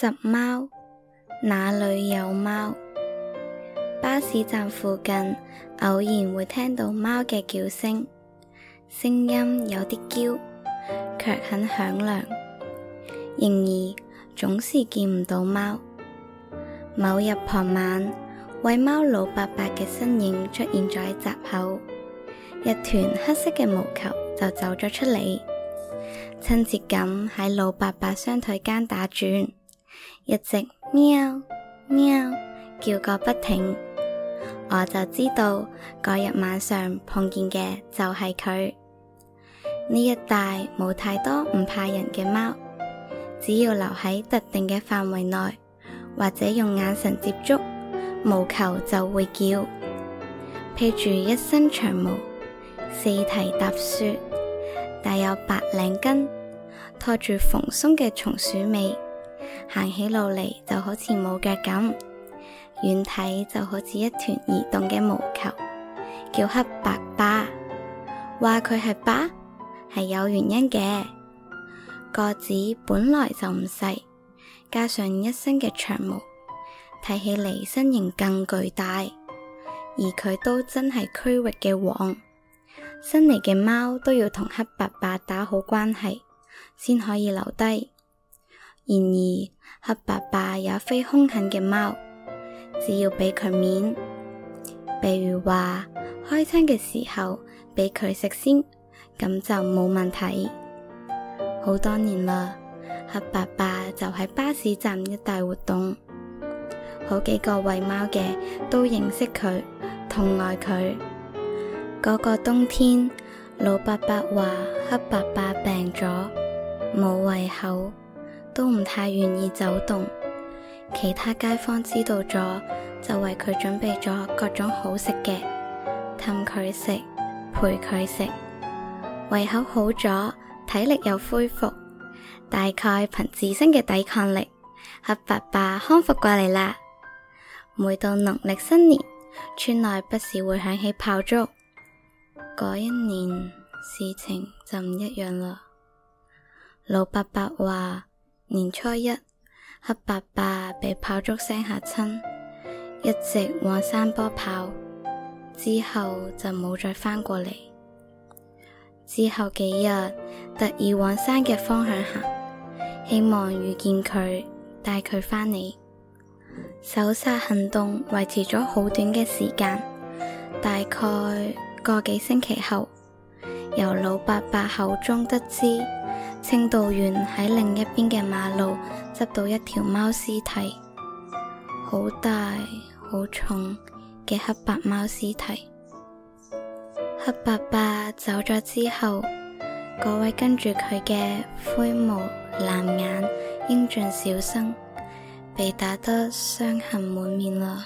拾貓哪裏有貓？巴士站附近偶然會聽到貓嘅叫聲，聲音有啲嬌，卻很響亮。然而總是見唔到貓。某日傍晚，餵貓老伯伯嘅身影出現咗喺閘口，一團黑色嘅毛球就走咗出嚟，親切咁喺老伯伯雙腿間打轉。一直喵喵，喵叫個不停，我就知道嗰日晚上碰見嘅就係佢。呢一帶冇太多唔怕人嘅貓，只要留喺特定嘅範圍內，或者用眼神接觸，毛球就會叫。披住一身長毛，四蹄踏雪，帶有白領巾，拖住蓬鬆嘅松鼠尾。行起路嚟，就好似冇腳咁，遠睇就好似一團移動嘅毛球，叫黑白巴。話佢係巴，係有原因嘅。個子本來就唔細，加上一身嘅長毛，睇起嚟身形更巨大，而佢都真係區域嘅王。新嚟嘅貓都要同黑白巴打好關係，先可以留低。然而，黑爸爸也非凶狠嘅貓，只要畀佢面，比如話開餐嘅時候畀佢食先，咁就冇問題。好多年啦，黑爸爸就喺巴士站一帶活動，好幾個餵貓嘅都認識佢，痛愛佢。嗰個冬天，老伯伯話黑爸爸病咗，冇胃口。都唔太願意走動，其他街坊知道咗，就為佢準備咗各種好食嘅，氹佢食，陪佢食，胃口好咗，體力又恢復，大概憑自身嘅抵抗力，阿伯伯康復過嚟啦。每到農曆新年，村內不時會響起炮竹，嗰一年事情就唔一樣啦。老伯伯話。年初一，黑伯伯被炮竹聲嚇親，一直往山坡跑，之後就冇再返過嚟。之後幾日，特意往山嘅方向行，希望遇見佢帶佢返嚟。搜殺行動維持咗好短嘅時間，大概個幾星期後，由老伯伯口中得知。清道員喺另一邊嘅馬路執到一條貓屍體，好大好重嘅黑白貓屍體。黑白爸走咗之後，嗰位跟住佢嘅灰毛藍眼英俊小生，被打得傷痕滿面啦。